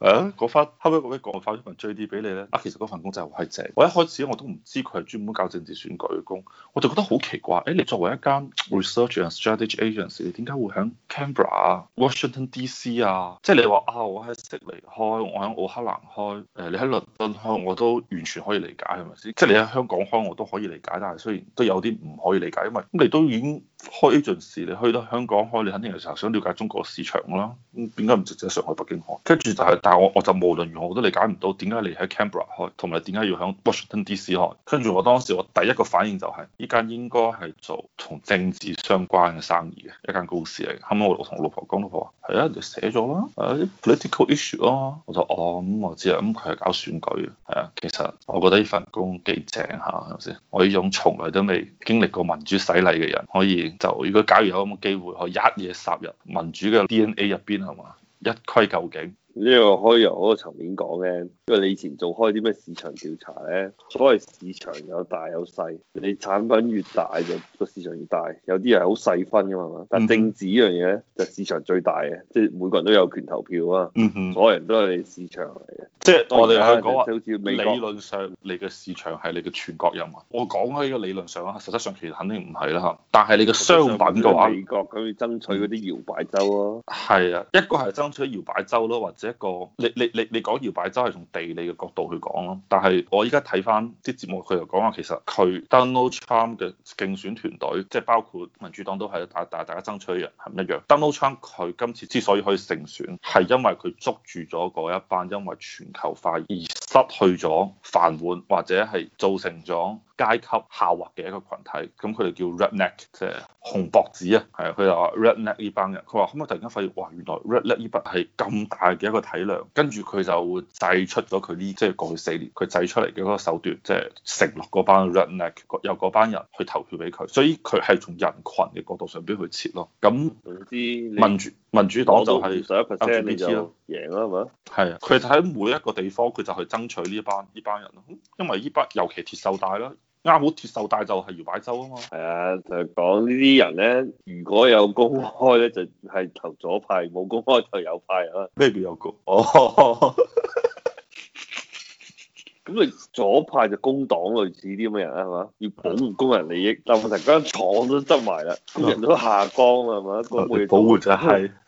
誒，翻、啊、後尾嗰位講我發咗份 J D 俾你咧，啊，其實嗰份工真係係正。我一開始我都唔知佢係專門搞政治選舉嘅工，我就覺得好奇怪。誒，你作為一間 research and strategy agents 你點解會喺 Canberra、啊、Washington D C 啊？即、就、係、是、你話啊，我喺悉尼開，我喺奧克蘭開，誒、呃，你喺倫敦開，我都完全可以理解係咪先？即係、就是、你喺香港開，我都可以理解，但係雖然都有啲唔可以理解，因為咁你都已經。開呢陣時你去到香港開，你肯定係想了解中國市場啦。咁點解唔直接上海、北京開？跟住就係、是，但係我我就無論如何我都理解唔到，點解你喺 Canberra 開，同埋點解要響 Washington D.C. 開？跟住我當時我第一個反應就係、是，呢間應該係做同政治相關嘅生意，嘅，一間公司嚟。後尾我同我老婆講，老婆話：，係啊，你寫咗啦，啊 political issue 咯、啊。我就哦咁、oh, 嗯、我知啦，咁佢係搞選舉嘅。係啊，其實我覺得呢份工幾正吓，係咪先？我呢種從來都未經歷過民主洗禮嘅人，可以。就如果假如有咁嘅機會，可以一夜殺入民主嘅 DNA 入邊，係嘛？一窺究竟？呢個可以由我個層面講嘅，因為你以前做開啲咩市場調查咧，所謂市場有大有細，你產品越大就個市場越大，有啲係好細分噶嘛嘛，但政治呢樣嘢就市場最大嘅，即係每個人都有權投票啊，所有人都係市場嚟嘅，嗯嗯即係是在我哋香港好似理論上你嘅市場係你嘅全國人民，我講開呢個理論上啊，實質上其實肯定唔係啦嚇，但係你嘅商品嘅話，美國佢爭取嗰啲搖擺州啊，係、嗯、啊，一個係爭取搖擺州咯，或者。一個，你你你你講搖擺州係從地理嘅角度去講咯，但係我依家睇返啲節目，佢就講話其實佢 Donald Trump 嘅競選團隊，即係包括民主黨都係，但但大家爭取嘅人係唔一樣。Donald Trump 佢今次之所以可以勝選，係因為佢捉住咗嗰一班因為全球化而。失去咗飯碗或者係造成咗階級下滑嘅一個群體，咁佢哋叫 red neck，即係紅脖子啊，係啊，佢就話 red neck 呢班人，佢話可唔可以突然間發現，哇，原來 red neck 呢班係咁大嘅一個體量，跟住佢就製出咗佢呢，即係過去四年佢製出嚟嘅嗰個手段，即係承諾嗰班 red neck，由嗰班人去投票俾佢，所以佢係從人群嘅角度上邊去切咯。咁啲民主民主黨就係贏啦嘛，係啊，佢就喺每一個地方，佢就去爭取呢班呢班人咯，因為呢班尤其鐵鏽帶啦，啱好鐵鏽帶就係搖擺州啊嘛。係啊，就講、是、呢啲人咧，如果有公開咧，就係、是、投左派；冇公開就右派啦。m a 有公哦，咁 你左派就公黨類似啲咁嘅人啊嘛，要保護工人利益，就係問題間廠都執埋啦，啲的人都下崗啦，係咪？個會保護 就係。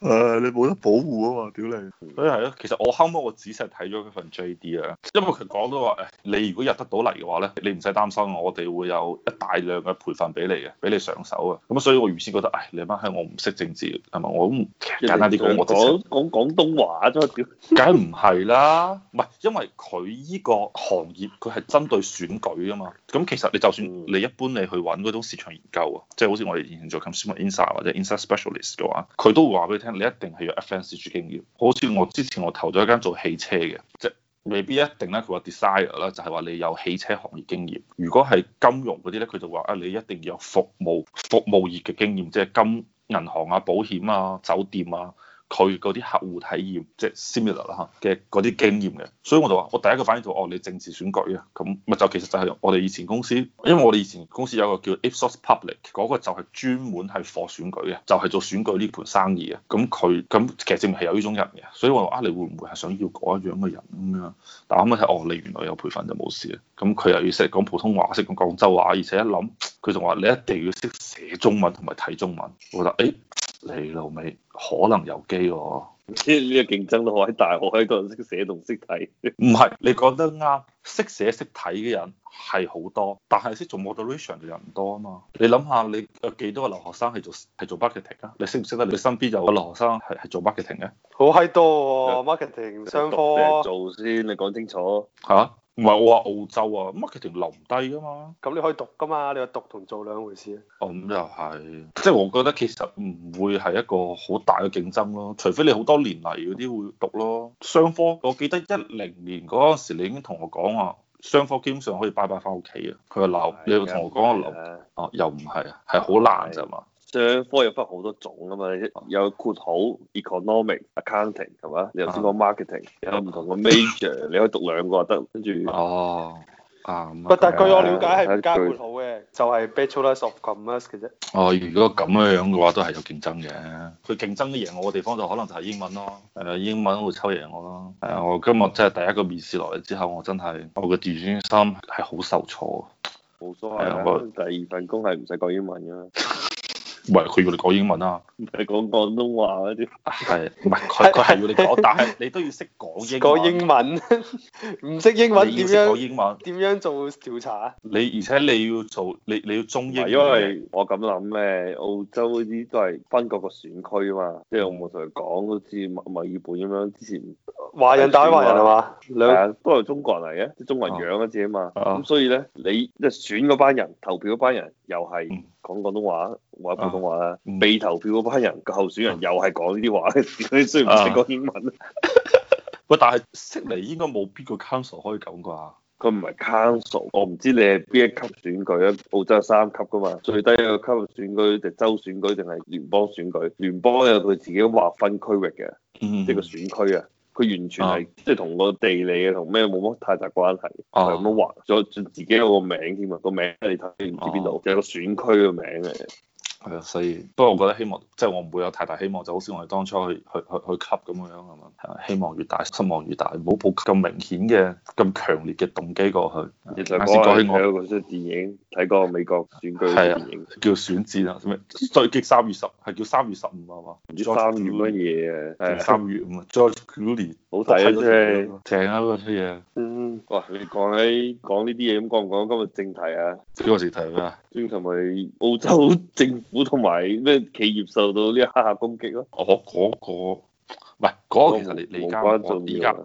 誒，你冇得保護啊嘛，屌你！所以係啊，其實我後屘我仔細睇咗一份 J D 啊，因為佢講到話誒，你如果入得到嚟嘅話咧，你唔使擔心我哋會有一大量嘅培訓俾你嘅，俾你上手啊。咁所以我預先覺得，唉，你媽閪，我唔識政治啊嘛，我咁簡單啲講，我講講廣東話啫，屌，梗唔係啦？唔係， 因為佢依個行業佢係針對選舉啊嘛。咁其實你就算你一般你去揾嗰種市場研究啊，即係好似我哋現在做 consumer insight 或者 insight specialist 嘅話，佢都會話俾你聽。你一定係要 FMCG 經驗，好似我之前我投咗一間做汽車嘅，即未必一定咧。佢話 desire 啦，就係話你有汽車行業經驗，如果係金融嗰啲咧，佢就話啊，你一定要有服務服務業嘅經驗，即係金銀行啊、保險啊、酒店啊。佢嗰啲客戶體驗，即係 similar 啦嚇嘅嗰啲經驗嘅，所以我就話：我第一個反應就哦，你政治選舉啊，咁咪就其實就係我哋以前公司，因為我哋以前公司有個叫 Ipsos Public，嗰個就係專門係、就是、做選舉嘅，就係做選舉呢盤生意嘅。咁佢咁其實證明係有呢種人嘅，所以我話、啊：你會唔會係想要嗰一樣嘅人咁、啊、樣？但我屘睇哦，你原來有培訓就冇事啊。咁佢又要識講普通話，識講廣州話，而且一諗佢就話你一定要識寫中文同埋睇中文，我覺得誒。你老味可能有機即呢呢個競爭都好喺大，我喺度識寫同識睇。唔係，你講得啱，識寫識睇嘅人係好多，但係識做 moderation 嘅人唔多啊嘛。你諗下，你有幾多個留學生係做係做 marketing 啊？你識唔識得？你身邊有個留學生係係做 mark、哦、marketing 嘅？好閪多喎，marketing 商科。做 s up 先，你講清楚。嚇？唔係我話澳洲啊，乜其實留唔低噶嘛。咁你可以讀噶嘛，你話讀同做兩回事。咁、嗯、又係，即、就、係、是、我覺得其實唔會係一個好大嘅競爭咯，除非你好多年嚟嗰啲會讀咯。雙科，我記得一零年嗰陣時，你已經同我講話雙科基本上可以拜拜翻屋企啊。佢話留，你要同我講留，哦，又唔係，係好難咋嘛。商科又分好多種啊嘛，有括號 economic accounting，係嘛？你頭先講 marketing，有唔同個 major， 你可以讀兩個就得，跟住哦，啊咁。但係據我了解係唔加括號嘅，啊、就係 bachelor of commerce 嘅啫。哦、啊，如果咁樣樣嘅話，都係有競爭嘅。佢競爭贏我嘅地方就可能就係英文咯，誒、啊、英文會抽贏我咯。係啊，我今日即係第一個面試落嚟之後，我真係我嘅自尊心係好受挫。冇所謂，第二份工係唔使講英文㗎。 唔係佢要你講英文啊，你係講廣東話嗰啲。係， 唔係佢佢係要你講，但係你都要識講英， 英講英文，唔識英文點樣？你要識講英文，點樣做調查啊？你而且你要做，你你要中英文，因為我咁諗咧，澳洲嗰啲都係分各個選區啊嘛，即係我冇同佢講，好似墨墨爾本咁樣，之前。華人打華人係嘛？兩個、啊、都係中國人嚟嘅，即中國人樣一啲啊嘛。咁、啊、所以咧，你即係選嗰班人，投票嗰班人又係講廣東話或、嗯、普通話啦。啊嗯、被投票嗰班人個候選人又係講呢啲話、嗯、你雖然唔識講英文。喂、啊，啊、 但係識嚟應該冇邊個 Council 可以咁啩？佢唔係 Council，我唔知你係邊一級選舉啊？澳洲有三級噶嘛，最低一個級選舉，就係、州選舉定係聯邦選舉？聯邦有佢自己劃分區域嘅，即係個選區啊。嗯佢完全係即係同個地理嘅，同咩冇乜太大關係，係咁、啊、樣畫咗自己有、啊、個名添啊，個名你睇唔知邊度，有個選區嘅名嚟。係啊，所以不過我覺得希望即係我唔會有太大希望，就好似我哋當初去去去去吸咁樣係嘛？希望越大，失望越大，唔好抱咁明顯嘅、咁強烈嘅動機過去。啱先講起我睇嗰出電影，睇嗰個美國選舉嘅電影，叫選戰啊，咩？最激三月十係叫三月十五啊嘛？唔知三月乜嘢啊？係三月五，George Clooney 啊出嘢。嗯，哇！你講起講呢啲嘢咁，講唔講今日正題啊？今日正題咩啊？正題咪澳洲政。股同埋咩企業受到呢啲黑客攻擊咯、啊？哦，嗰個唔係嗰個，嗰個、其實你很你關我依家。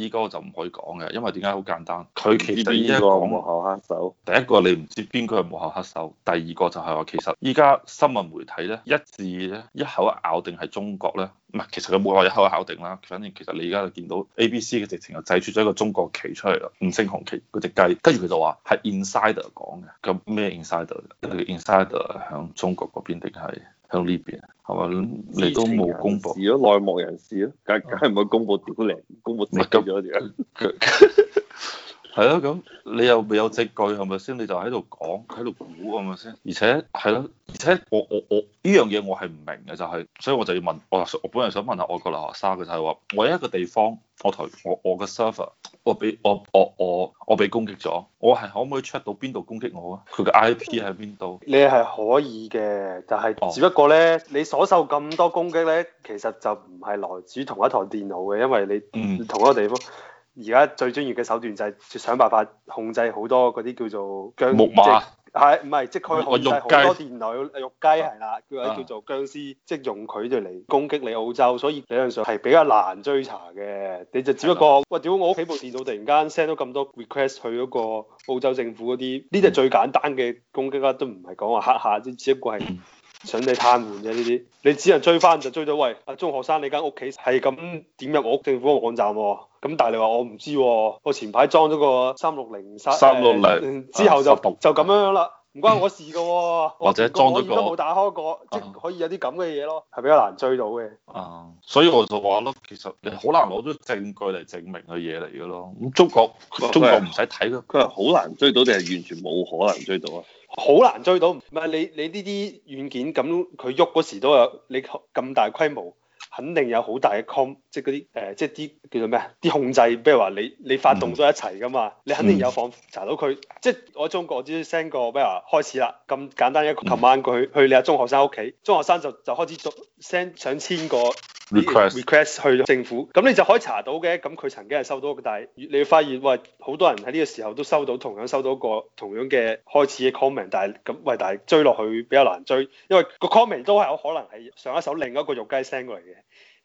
呢個就唔可以講嘅，因為點解好簡單？佢其實依一個，第一個你唔知邊個係幕後黑手。第二個就係話其實依家新聞媒體咧，一字咧一口咬定係中國咧，唔係其實佢冇話一口，一口咬定啦。反正其實你而家就見到 A、B、C 嘅直情就製出咗一個中國旗出嚟啦，五星紅旗嗰隻雞，跟住佢就話係 insider 講嘅。咁咩 insider？你 insider 係響中國嗰邊定係？向呢邊係咪？你都冇公布？如果內幕人士啊，梗梗係唔可以公布啲好公布，你咁樣。 係咯，咁你又未有證據係咪先？你就喺度講，喺度估係咪先？而且係咯，而且我我我呢樣嘢我係唔明嘅，就係，所以我就要問我我本嚟想問下外國留學生嘅，就係話：我一個地方我台我我嘅 server 我俾我我我我俾攻擊咗，我係可唔可以 check 到邊度攻擊我啊？佢嘅 I P 喺邊度？你係可以嘅，就係只不過咧，你所受咁多攻擊咧，其實就唔係來自同一台電腦嘅，因為你，嗯，你同一個地方。而家最專業嘅手段就係想辦法控制好多嗰啲叫做木馬，係唔係？即係佢控制好多電腦肉雞係啦，叫、啊、叫做僵屍，即係用佢就嚟攻擊你澳洲。所以理論上係比較難追查嘅。你就只不過喂，屌！我屋企部電腦突然間 send 咗咁多 request 去嗰個澳洲政府嗰啲，呢隻、嗯、最簡單嘅攻擊啦，都唔係講話黑下，只只不過係。嗯想你癱瘓嘅呢啲，你只能追翻就追到喂，啊中學生你間屋企係咁點入我屋政府個網站，啊，咁但係你話我唔知，啊，我前排裝咗個三六零殺，三六零之後就、uh, 360, 就咁樣樣啦，唔關我事噶，啊，或者裝咗個我個耳都冇打開過，即、uh, 可以有啲咁嘅嘢咯，係比較難追到嘅。啊，uh, 所以我就話咯，其實你好難攞到證據嚟證明嘅嘢嚟噶咯，咁中國中國唔使睇咯，佢係好難追到定係完全冇可能追到啊？好難追到，唔係你你呢啲軟件咁佢喐嗰時都有，你咁大規模，肯定有好大嘅 com，即係嗰啲誒，即係啲叫做咩啊？啲控制，比如話你你發動咗一齊噶嘛，你肯定有防查到佢。嗯、即係我中國我只 send 個，比如話開始啦，咁簡單一個，琴晚佢去你阿中學生屋企，中學生就就開始讀 send 上千個。request 去咗政府，咁你就可以查到嘅。咁佢曾經係收到，但係你會發現，喂，好多人喺呢個時候都收到同樣收到過同樣嘅開始嘅 comment，但係咁，喂，但係追落去比較難追，因為個 comment 都係有可能係上一手另一個肉雞 send 過嚟。嘅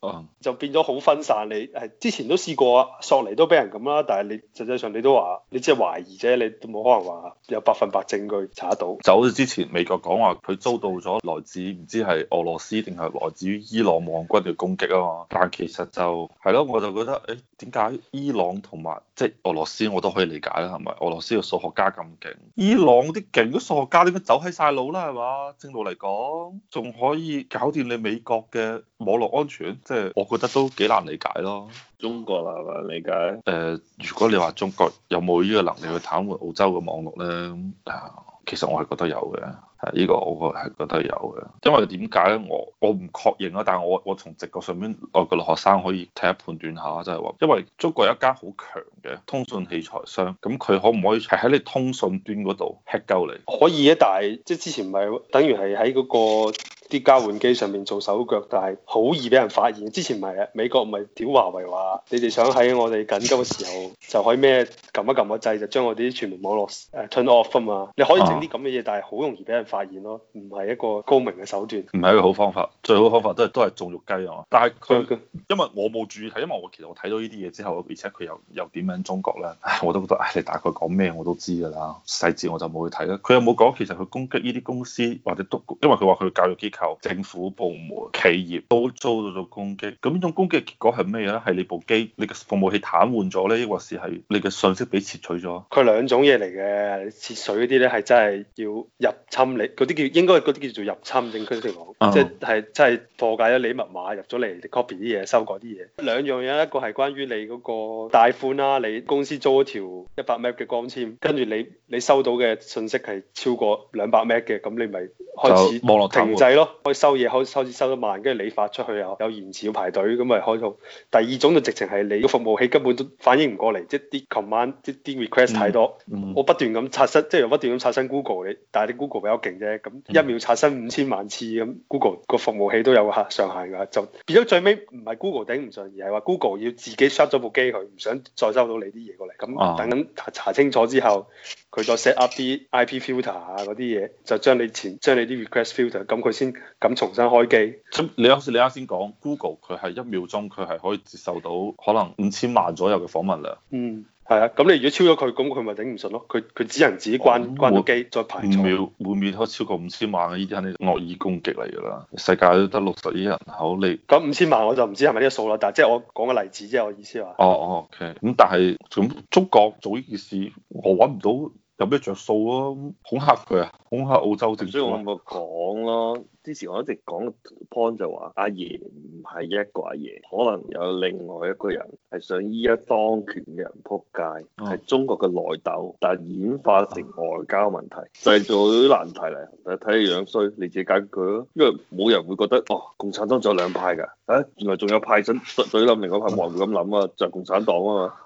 哦，uh, 就變咗好分散，你係之前都試過，索尼都俾人咁啦，但係你實際上你都話，你只係懷疑啫，你都冇可能話有百分百證據查得到。走咗之前，美國講話佢遭到咗來自唔知係俄羅斯定係來自於伊朗網軍嘅攻擊啊嘛，但其實就係咯，我就覺得誒點解伊朗同埋即係俄羅斯我都可以理解啦，係咪？俄羅斯嘅數學家咁勁，伊朗啲勁啲數學家點解走喺晒路啦？係嘛？正路嚟講，仲可以搞掂你美國嘅網絡安全。即係我覺得都幾難理解咯，中國難唔難理解？誒、呃，如果你話中國有冇呢個能力去癱瘓澳洲嘅網絡呢？啊、呃，其實我係覺得有嘅。呢個我係覺得有嘅，因為點解咧？我我唔確認啊。但係我我從直覺上邊，我個學生可以睇下判斷下，即係話，因為中國有一間好強嘅通訊器材商，咁佢可唔可以係喺你通訊端嗰度 hack 鳩你？可以嘅，但係即係之前唔係等於係喺嗰個啲交換機上面做手腳，但係好易俾人發現。之前唔係啊，美國唔係屌華為話，你哋想喺我哋緊急嘅時候 就可以咩撳一撳個掣就將我哋啲傳媒網絡誒、uh, turn off 啊嘛，你可以整啲咁嘅嘢，但係好容易俾人發現咯，唔係一個高明嘅手段，唔係一個好方法。最好方法都係都係種肉雞啊。但係佢因為我冇注意，睇，因為我其實我睇到呢啲嘢之後，而且佢又又點樣中國咧，我都覺得、哎、你大概講咩我都知㗎啦。細節我就冇去睇啦。佢有冇講其實佢攻擊呢啲公司或者都因為佢話佢教育機構、政府部門、企業都遭到咗攻擊。咁呢種攻擊嘅結果係咩嘢咧？係你部機你嘅服務器癱瘓咗呢，咧，抑或是係你嘅信息俾截取咗？佢兩種嘢嚟嘅，截取嗰啲咧係真係要入侵。你嗰啲叫應該嗰啲叫做入侵認區的網，uh huh. 即係真係破解咗你密碼入咗嚟 copy 啲嘢，修改啲嘢。兩樣嘢，一個係關於你嗰個大款啦，你公司租一條一百 Mbps 嘅光纖，跟住你你收到嘅信息係超過兩百 Mbps 嘅，咁你咪開始網絡停滯咯，可以收嘢，可開始收得慢，跟住你發出去又有延遲要排隊，咁咪開到，第二種就直情係你個服務器根本都反應唔過嚟，即係啲 command 即係啲 request 太多，嗯嗯、我不斷咁刷新，即係不斷咁刷新 Google 你 Go，但係啲 Google 比啫，咁、嗯、一秒刷新五千萬次咁，Google 個服務器都有個上限㗎，就變咗最尾唔係 Google 頂唔順，而係話 Google 要自己 shut 咗部機佢，唔想再收到你啲嘢過嚟，咁等緊查清楚之後，佢、啊、再 set up 啲 IP filter 啊嗰啲嘢，就將你前將你啲 request filter，咁佢先敢重新開機。咁你好似你啱先講 Google 佢係一秒鐘佢係可以接受到可能五千萬左右嘅訪問量。嗯係啊，咁你如果超咗佢，咁佢咪頂唔順咯？佢佢只能自己關、哦、關機，再排除。會滅會滅超過五千萬嘅呢啲肯定惡意攻擊嚟噶啦，世界都得六十億人口，你咁五千萬我就唔知係咪呢個數啦，但係即係我講個例子即啫，我意思係話。哦，OK，咁但係咁中國做呢件事，我搵唔到。有咩着數啊？恐嚇佢啊？恐嚇澳洲政府，啊？所以我咪講咯，之前我一直講，point 就話阿爺唔係一個阿爺，可能有另外一個人係想依家當權嘅人撲街，係、哦、中國嘅內鬥，但演化成外交問題，製造啲難題嚟。但睇你樣衰，你自己解決佢咯。因為冇人會覺得哦，共產黨仲有兩派㗎，嚇、啊、原來仲有派想對諗另一派，冇人會咁諗啊，就係、共產黨啊嘛。